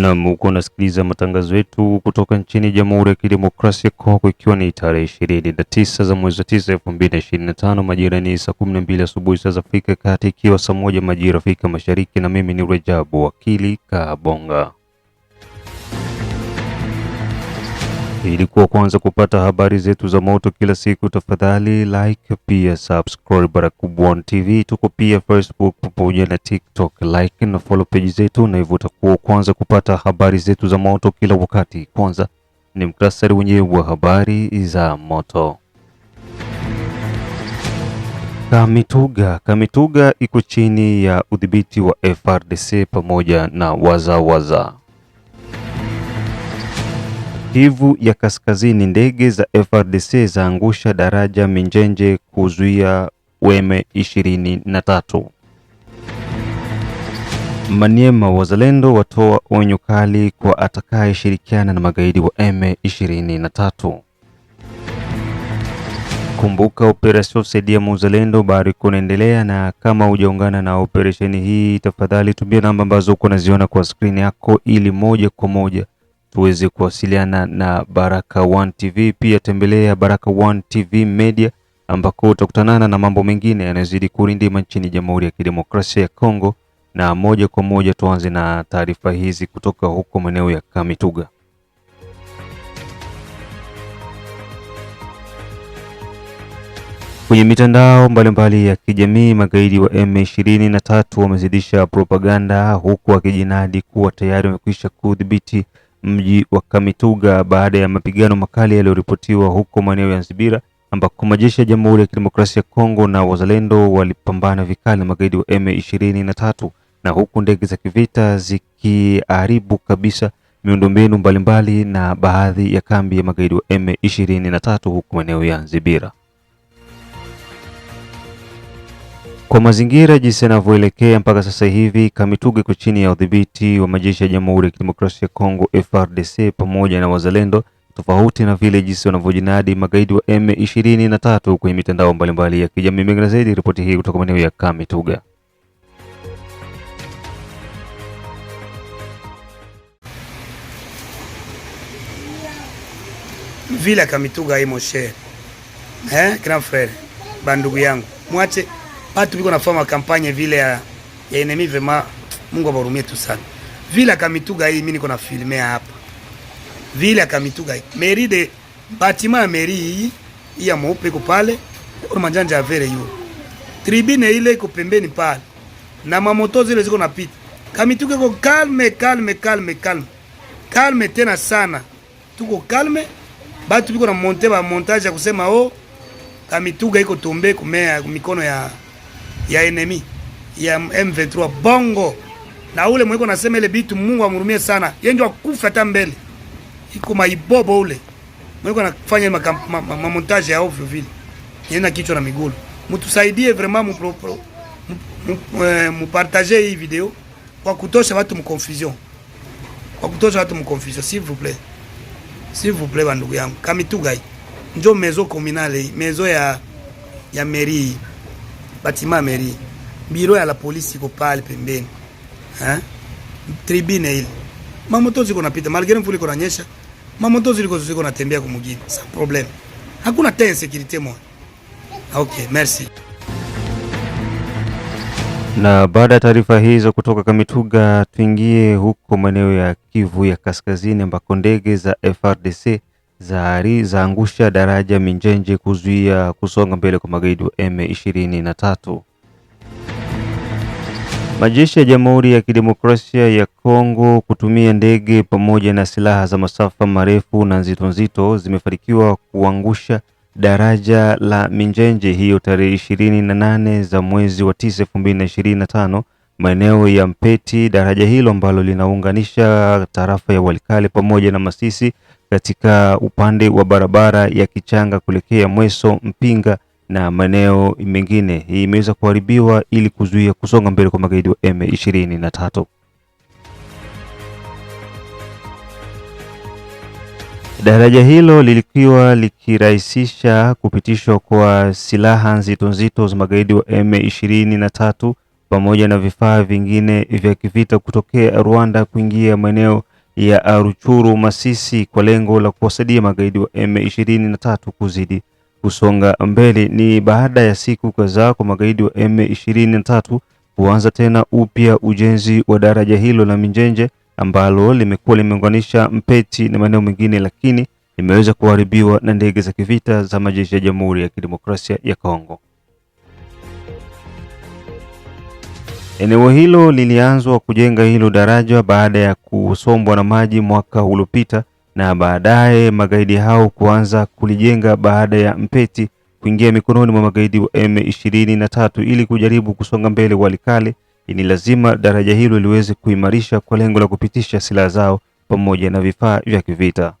Naam, huko unasikiliza matangazo yetu kutoka nchini Jamhuri ya Kidemokrasia ya Kongo, ikiwa ni tarehe ishirini na tisa za mwezi wa tisa elfu mbili na ishirini na tano majira ni saa kumi na mbili asubuhi saa za Afrika Kati, ikiwa saa moja majira Afrika Mashariki, na mimi ni Rejabu Wakili Kabonga. Ili kwanza kupata habari zetu za moto kila siku, tafadhali like, pia subscribe Baraka1 TV. Tuko pia Facebook pamoja na TikTok, like na follow page zetu, na hivyo utakuwa kwanza kupata habari zetu za moto kila wakati. Kwanza ni muktasari wenyewe wa habari za moto. Kamituga. Kamituga iko chini ya udhibiti wa frdc pamoja na wazawaza waza. Kivu ya Kaskazini, ndege za frdc zaangusha daraja Minjenje kuzuia weme 23. Maniema, wazalendo watoa onyo kali kwa atakayeshirikiana na magaidi wa M23. Kumbuka operesheni saidia muzalendo bado kunaendelea, na kama hujaungana na operesheni hii, tafadhali tumia namba ambazo uko unaziona kwa skrini yako, ili moja kwa moja tuweze kuwasiliana na Baraka1 TV. Pia tembelea Baraka1 TV Media ambako utakutanana na mambo mengine yanayozidi kurindima nchini Jamhuri ya Kidemokrasia ya Kongo, na moja kwa moja tuanze na taarifa hizi kutoka huko maeneo ya Kamituga. Kwenye mitandao mbalimbali mbali ya kijamii, magaidi wa M23 wamezidisha propaganda huku wakijinadi kuwa tayari wamekwisha kudhibiti mji wa Kamituga baada ya mapigano makali yaliyoripotiwa huko maeneo ya nzibira ambako majeshi ya Jamhuri ya Kidemokrasia ya Kongo na wazalendo walipambana vikali magaidi wa M23 na huku ndege za kivita zikiharibu kabisa miundombinu mbalimbali na baadhi ya kambi ya magaidi wa M23 huko maeneo ya nzibira Kwa mazingira jinsi yanavyoelekea mpaka sasa hivi, Kamituga iko chini ya udhibiti wa majeshi ya Jamhuri ya Kidemokrasia ya Kongo FRDC pamoja na wazalendo, tofauti na vile jinsi wanavyojinadi magaidi wa M23 kwenye mitandao mbalimbali ya kijamii. Mengine zaidi, ripoti hii kutoka maeneo ya Kamituga. Vila Kamituga, imoshe. eh, grand frere, bandugu yangu mwache Batu biko nafanya kampanye vile ya, ya enemy vema. Mungu abarumie tu sana. Vile akamituga hii mimi niko na filmea hapa. Vile akamituga hii. Meri de batima ya meri hii ya mweupe iko pale. Kuna manjanja ya vere hiyo. Tribune ile iko pembeni pale. Na mamoto zile ziko napita. Kamituga iko kalme kalme kalme kalme. Kalme tena sana. Tuko kalme. Batu biko na monte ba montage ya kusema oh, Kamituga iko tombe kumea mikono ya ya enemi ya M23 bongo na ule mwiko nasema ile bitu, Mungu amhurumie sana, yeye ndio akufa hata mbele iko maibobo ule mwiko anafanya mamontage ma, ma, ya ovyo vile, yeye kichwa na miguu. Mtusaidie vraiment mu propre mu eh, partager hii video kwa kutosha watu mu confusion, kwa kutosha watu mu confusion, s'il vous plaît, s'il vous plaît, bandugu yangu Kamitugai njo mezo communale mezo ya ya mairie batima meri, biro ya la polisi iko pale pembeni eh, tribune ile, mamoto ziko napita malgré mvula iko mamoto ziko ziko natembea kumugini sa problem hakuna tena insécurité mo. Okay, merci. Na baada ya taarifa hizo kutoka Kamituga, tuingie huko maeneo ya Kivu ya Kaskazini ambako ndege za frdc zaari zaangusha daraja Minjenje kuzuia kusonga mbele kwa magaidi wa M23. Majeshi ya Jamhuri ya Kidemokrasia ya Kongo kutumia ndege pamoja na silaha za masafa marefu na nzito nzito zimefanikiwa kuangusha daraja la Minjenje hiyo tarehe ishirini na nane za mwezi wa tisa elfu mbili na ishirini na tano maeneo ya Mpeti. Daraja hilo ambalo linaunganisha tarafa ya Walikale pamoja na Masisi katika upande wa barabara ya Kichanga kuelekea Mweso, Mpinga na maeneo mengine hii imeweza kuharibiwa ili kuzuia kusonga mbele kwa magaidi wa M23. Daraja hilo lilikuwa likirahisisha kupitishwa kwa silaha nzito nzito za magaidi wa M23 pamoja na vifaa vingine vya kivita kutokea Rwanda kuingia maeneo ya Aruchuru Masisi kwa lengo la kuwasaidia magaidi wa M23 kuzidi kusonga mbele. Ni baada ya siku kadhaa kwa magaidi wa M23 kuanza tena upya ujenzi wa daraja hilo la Minjenje ambalo limekuwa limeunganisha Mpeti na maeneo mengine, lakini limeweza kuharibiwa na ndege za kivita za majeshi ya Jamhuri ya Kidemokrasia ya Kongo. Eneo hilo lilianzwa kujenga hilo daraja baada ya kusombwa na maji mwaka uliopita na baadaye magaidi hao kuanza kulijenga baada ya Mpeti kuingia mikononi mwa magaidi wa M23 ili kujaribu kusonga mbele Walikale. Ni lazima daraja hilo liweze kuimarisha kwa lengo la kupitisha silaha zao pamoja na vifaa vya kivita.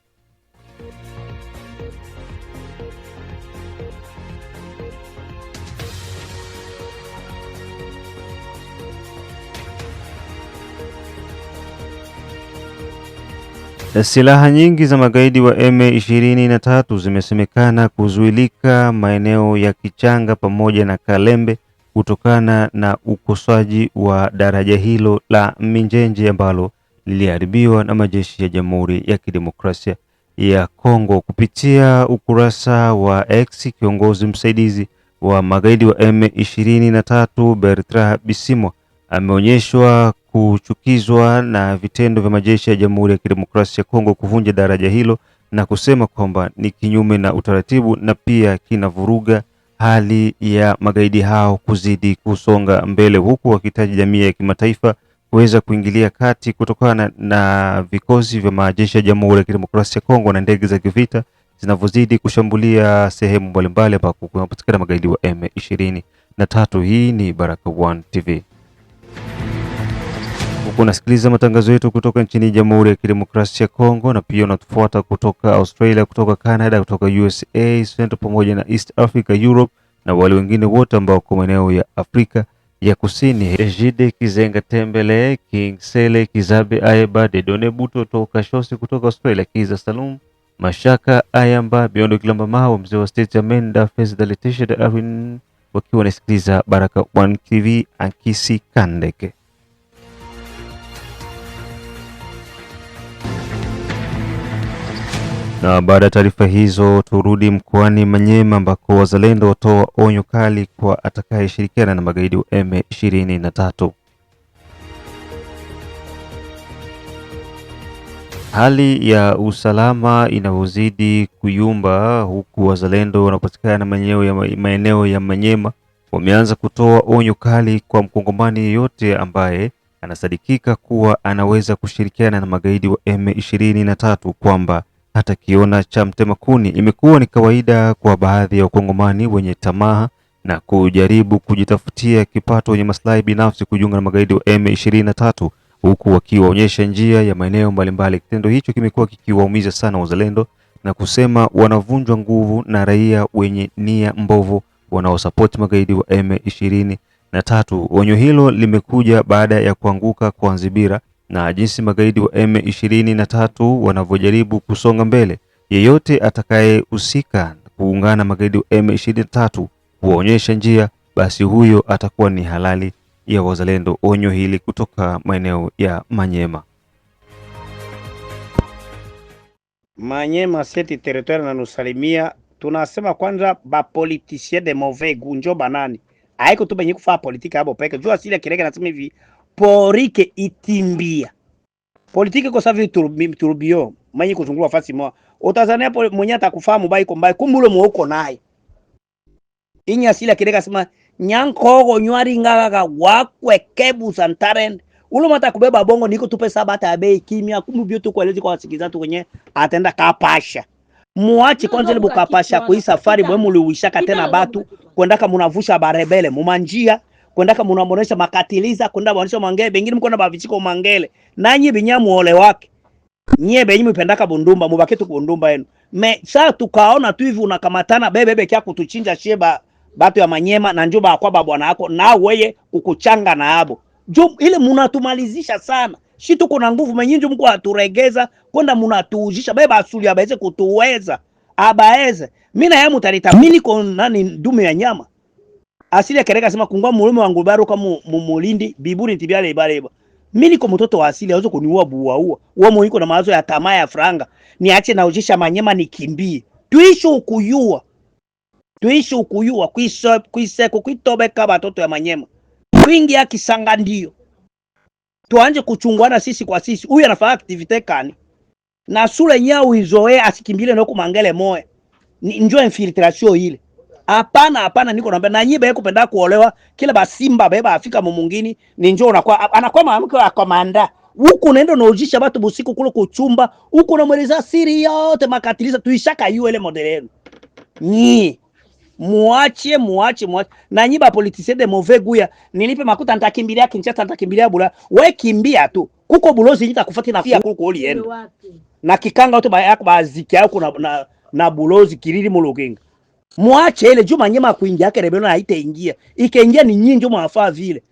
Silaha nyingi za magaidi wa M23 zimesemekana kuzuilika maeneo ya Kichanga pamoja na Kalembe kutokana na ukosaji wa daraja hilo la Minjenje ambalo liliharibiwa na majeshi ya Jamhuri ya Kidemokrasia ya Kongo. Kupitia ukurasa wa X, kiongozi msaidizi wa magaidi wa M23 Bertrand Bisimwa ameonyeshwa kuchukizwa na vitendo vya majeshi ya Jamhuri ya Kidemokrasia ya Kongo kuvunja daraja hilo na kusema kwamba ni kinyume na utaratibu na pia kinavuruga hali ya magaidi hao kuzidi kusonga mbele, huku wakihitaji jamii ya kimataifa kuweza kuingilia kati kutokana na vikosi vya majeshi ya Jamhuri ya Kidemokrasia ya Kongo na ndege za kivita zinavyozidi kushambulia sehemu mbalimbali ambako kunapatikana magaidi wa M 23 na tatu. Hii ni Baraka One TV unakumbuka unasikiliza matangazo yetu kutoka nchini Jamhuri ya Kidemokrasia ya Kongo, na pia unatufuata kutoka Australia, kutoka Canada, kutoka USA Central pamoja na East Africa, Europe na wale wengine wote ambao wako maeneo ya Afrika ya Kusini. Ejide Kizenga Tembele, King Sele Kizabe Ayeba, Dedone Buto toka Shosi kutoka Australia, Kiza Salum Mashaka Ayamba, Biondo Kilamba Mao, mzee wa state Amenda Fezdaletesha Darwin wakiwa wanasikiliza Baraka One TV, Ankisi Kandeke. Na baada ya taarifa hizo, turudi mkoani Manyema ambako wazalendo watoa onyo kali kwa atakayeshirikiana na magaidi wa M23. Hali ya usalama inavyozidi kuyumba huku wazalendo wanaopatikana maeneo ya Manyema wameanza kutoa onyo kali kwa mkongomani yeyote ambaye anasadikika kuwa anaweza kushirikiana na magaidi wa M23 kwamba hata kiona cha mtema kuni. Imekuwa ni kawaida kwa baadhi ya Wakongomani wenye tamaa na kujaribu kujitafutia kipato wenye maslahi binafsi kujiunga na magaidi wa M23 huku wakiwaonyesha njia ya maeneo mbalimbali. Kitendo hicho kimekuwa kikiwaumiza sana wazalendo na kusema wanavunjwa nguvu na raia wenye nia mbovu wanaosapoti magaidi wa M23. Onyo hilo limekuja baada ya kuanguka kwa Nzibira na jinsi magaidi wa M23 wanavyojaribu kusonga mbele. Yeyote atakayehusika kuungana magaidi wa M23 kuwaonyesha njia, basi huyo atakuwa ni halali ya wazalendo. Onyo hili kutoka maeneo ya Manyema. Manyema seti na nusalimia, tunasema kwanza bapolitisien de mauvais gunjo banani aiko tu benye kufa politika hapo peke jua sile kireke nasema hivi porike itimbia politiki kwa sababu turubio manyi kuzungua fasi mwa utazania po mwenye atakufahamu bai kwa mbai kumulo mwa uko naye inyi asili kireka sima nyankogo nywari ngaga wakwe kebu santaren ulo mata kubeba bongo niko tupe saba hata bei kimya kumu bio tu kuelezi kwa wasikiza tu kwenye atenda kapasha muache kwanza ile bukapasha safari mwe muluishaka tena batu kwenda kama munavusha barebele mumanjia kwendaka munamonesha makatiliza kwenda monesha mangele bengine mko na bavichiko mangele nanyi binyamu ole wake nye benyi mupendaka bundumba mubake tu bundumba yenu me sa tukaona tu hivi unakamatana bebe bebe kya kutuchinja ba batu ya manyema na njuba kwa babu wanako na weye kukuchanga na abo jum ile munatumalizisha sana shi tuko na nguvu njumu kwa aturegeza kwenda munatuujisha bebe asuli abeze kutuweza abaeze mina ya tarita mini ko nani dume ya nyama asili ya kereka sema kungwa mulume wangu baro kwa mumulindi bibuni tibiale ibale iba mimi niko mtoto wa asili aweze kuniua buua uwa uwa moiko na mawazo ya tamaa ya franga niache na ujisha manyema nikimbie tuishi ukuyua tuishi ukuyua kuiso kuiseko kuitobeka batoto ya manyema twingi ya kisanga ndio tuanje kuchungwana sisi kwa sisi huyu anafanya activite kani na sule nyao izoe asikimbile ndokumangele moe njo infiltration ile Hapana, hapana, niko naambia na nyibe kupenda kuolewa kila ba basimba beba afika mumungini ni njoo unakuwa anakuwa mwanamke wa komanda huko unaenda unaojisha watu busiku kule kuchumba huko unamweleza siri yote makatiliza tuishaka yu ile model yenu nyi muache muache muache na nyi ba politicien de mauvais guya nilipe makuta nitakimbilia Kinshasa nitakimbilia bula we kimbia tu kuko bulozi nyita kufuati na kuko yenu. na kikanga watu ba yako ba baziki yako na, na, na bulozi kiriri mulukinga Mwache ile juma nyema kuingia yake rebelo na ite ingia. ni nyingi juma afa vile.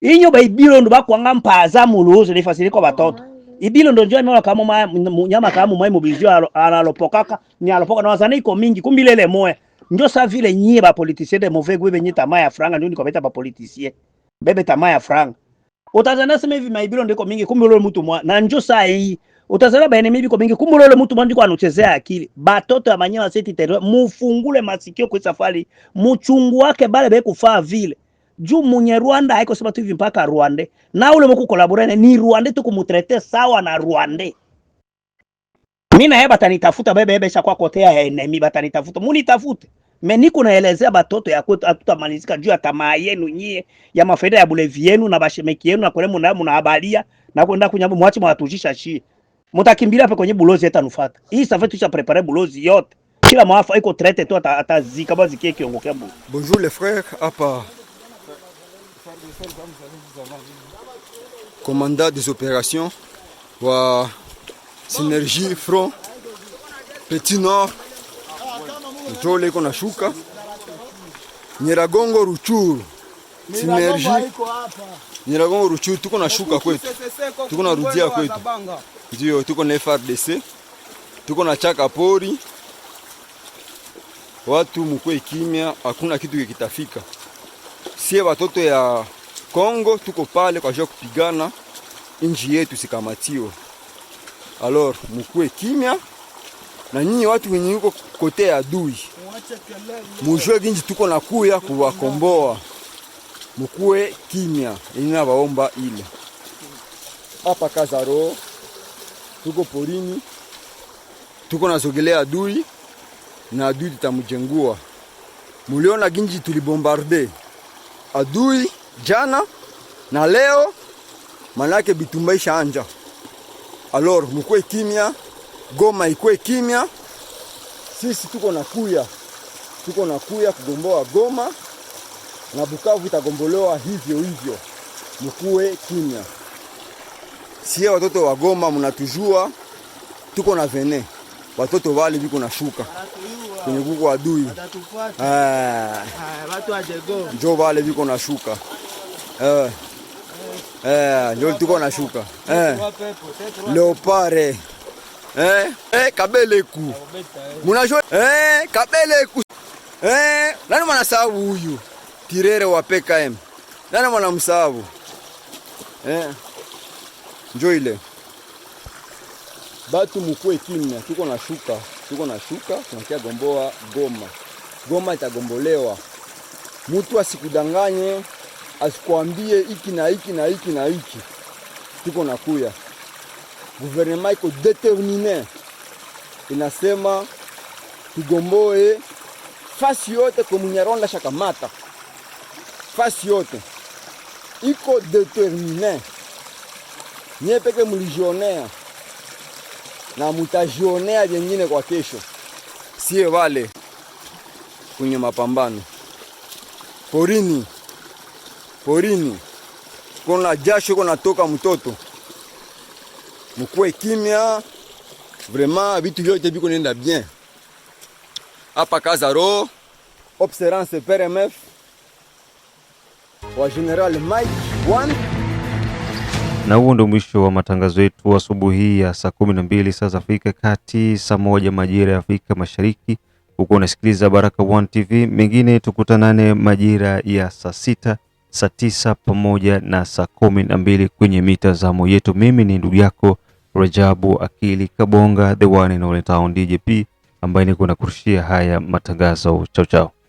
Inyo ba ibilo ndo bakwanga mpaza muluzo ni fasili kwa batoto. Ibilo ndo njoo mwa kama nyama kama mwa mobilizio alopokaka ni alopoka na wazana iko mingi kumbi lele moya. Ndio sa vile nyie ba politicien de mauvais goût benyi tamaa ya franga ndio niko beta ba politicien. Bebe tamaa ya franga. Utazana sema hivi maibilo ndiko mingi kumbi lolo mtu mwa na njo saa hii utazala baenemi biko mingi kumbulole mutu mwandi kwa anuchezea akili batoto ya manyewa seti terwa mufungule masikio kwa safari muchungu wake bale be kufaa vile juu munye Rwanda haiko sema tu hivi mpaka Rwanda na ule mwuku kolaborene ni Rwanda tu kumutrete sawa na Rwanda mina na yeye batanitafuta bebe bebe sha kwa kotea ya enemi batanitafuta muni tafute me niko naelezea batoto ya kwetu atutamalizika juu ya tamaa yenu nyie ya mafaida ya bulevi yenu na bashemeki yenu na kule muna, muna abalia na kwenda kunyambu mwachi mwatujisha shii Mtakimbilia hapa kwenye bulozi atanufata. Hii safari tusha prepare bulozi yote. Kila mwafa iko trete tu atazika bazi kie kiongo kembo. Bonjour les frères, hapa commandant des opérations wa Synergie Front Petit Nord Njole iko na shuka Nyiragongo Ruchuru Synergie Nyiragongo Ruchuru tuko na shuka kwetu, tuko na rudia kwetu Ndio tuko na FRDC, tuko na chaka pori. Watu mukwe kimya, hakuna kitu kitafika. Sie watoto ya Kongo tuko pale kwa ajili ya kupigana inji yetu sikamatiwa. alor mukwe kimya na nyinyi watu wenye uko kote ya adui, mujue vinji tuko na kuya kuwakomboa. mukuwe kimya, inina ile hapa Kazaro tuko porini, tuko nasogelea adui na adui tutamjengua. Muliona ginji tulibombarde adui jana na leo, manake bitumbaisha anja. Alor mukwe kimya, Goma ikwe kimya, sisi tuko na kuya, tuko na kuya kugomboa Goma na Bukavu itagombolewa hivyo hivyo, mukuwe kimya sie watoto wa Goma mnatujua, tuko na vene watoto wale viko na shuka kwenye kuko adui eh. eh, njo wale viko na shuka eh. njo tuko na shuka leopare kabeleku munajua kabeleku nani mwanasababu huyu tirere wa PKM nani eh Njo ile batu mukue kimya, tuko na shuka, tuko na shuka, tunakia gomboa Goma, Goma itagombolewa. Mutu asikudanganye, asikwambie iki na iki na iki na iki. Tuko na kuya, guvernema iko determine, inasema tugomboe fasi yote kwa shakamata, fasi yote iko determine Nyie peke mlijionea na mutajionea vyengine kwa kesho, sie wale kwenye mapambano porini. Porini kuna jasho kunatoka mtoto, mukuwe kimya vraiment, vitu vyote viko nenda bien hapa Kazaro. Observance PRMF wa General Mike One na huo ndio mwisho wa matangazo yetu asubuhi ya saa kumi na mbili saa za Afrika Kati, saa moja majira ya Afrika Mashariki. Huko unasikiliza Baraka One TV, mengine tukutanane majira ya saa sita saa tisa pamoja na saa kumi na mbili kwenye mitazamo yetu. Mimi ni ndugu yako Rajabu Akili Kabonga, the one in town DJP, ambaye niko nakurushia haya matangazo. Chao chao.